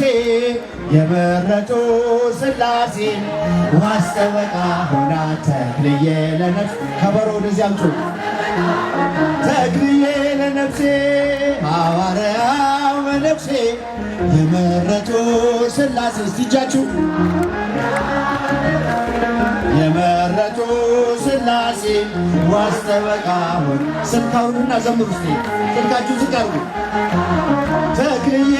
ነፍሴ የመረጡ ስላሴ ማስጠበቃ ሆና ተክልዬ ለነፍሴ ከበሮ ወደዚህ አምጡ። ተክልዬ ለነፍሴ ሐዋርያው መነፍሴ የመረጡ ሥላሴ እጃችሁ የመረጡ ሥላሴ ዋስተበቃ ሆን ስልካውንና ዘምሩ ስልካችሁ ዝቀርቡ ተክልዬ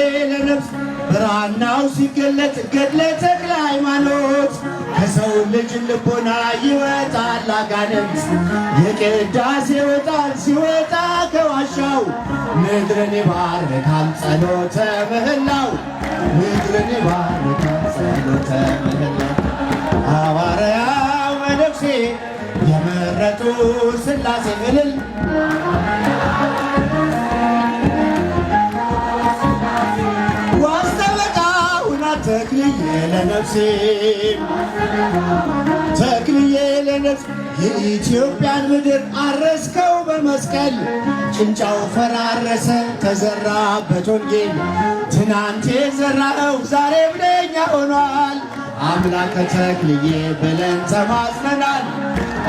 ብራናው ሲገለጥ ገድለ ተክለ ሃይማኖት ከሰው ልጅ ልቦና ይወጣል አጋንንት የቅዳሴ ወጣል ሲወጣ ከዋሻው ምድርን ይባርካል ጸሎተ ምህላው ምድርን ይባርካል ጸሎተ ምህላው ሐዋርያው መነኩሴ የመረጡ ሥላሴ እልል ተክልዬ ለነፍሴ ተክልዬ ለነፍሴ የኢትዮጵያን ምድር አረስከው በመስቀል ጭንጫው ፈራረሰ ተዘራበት ወንጌል ትናንቴ ዘራኸው ዛሬ ብለኛ ሆኗል። አምላከ ተክልዬ ብለን ተማጽነናል።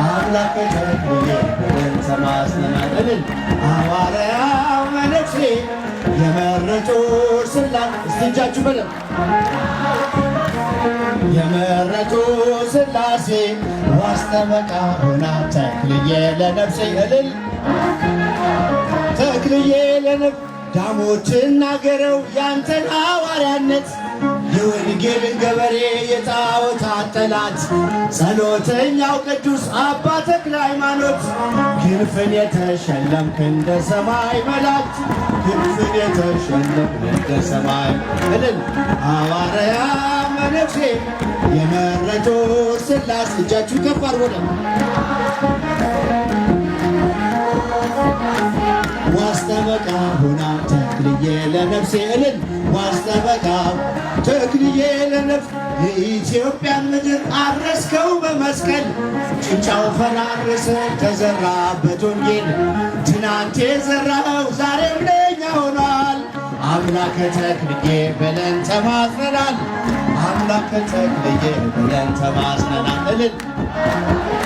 አምላከ ተክልዬ ብለን ተማጽነናል። እልል ሐዋርያው መነኩሴ የመረጡት እጃችሁ በደንብ የመረጡ ሥላሴ ዋስጠበቃ ሆና ተክልዬ ለነፍሴ እልል ተክልዬ ለነፍ ዳሞችን ናገረው ያንተን ሐዋርያነት የወንጌል ገበሬ የጣዖታት ጠላት ጸሎተኛው ቅዱስ አባ ተክለ ሃይማኖት ክንፍን የተሸለምክ እንደ ሰማይ መላእክት ክንፍን የተሸለምክ እንደ ሰማይ እልል ሐዋርያ መነኩሴ የመረጡ ስላሴ እጃችሁ ከፍ አርጎለ ዋስተመቃ ሁናተ ተክልዬ ለነፍሴ እልል ዋስተበቃ ተክልዬ ለነፍ የኢትዮጵያን ምድር አረስከው በመስቀል ጭንጫው ፈራረሰ ተዘራበት ወንጌል ትናንቴ ዘራኸው ዛሬም ለኛ ሆኗል። አምላከ ተክልዬ በለን ተማጽነናል። አምላከ ተክልዬ በለን ተማጽነናል እልል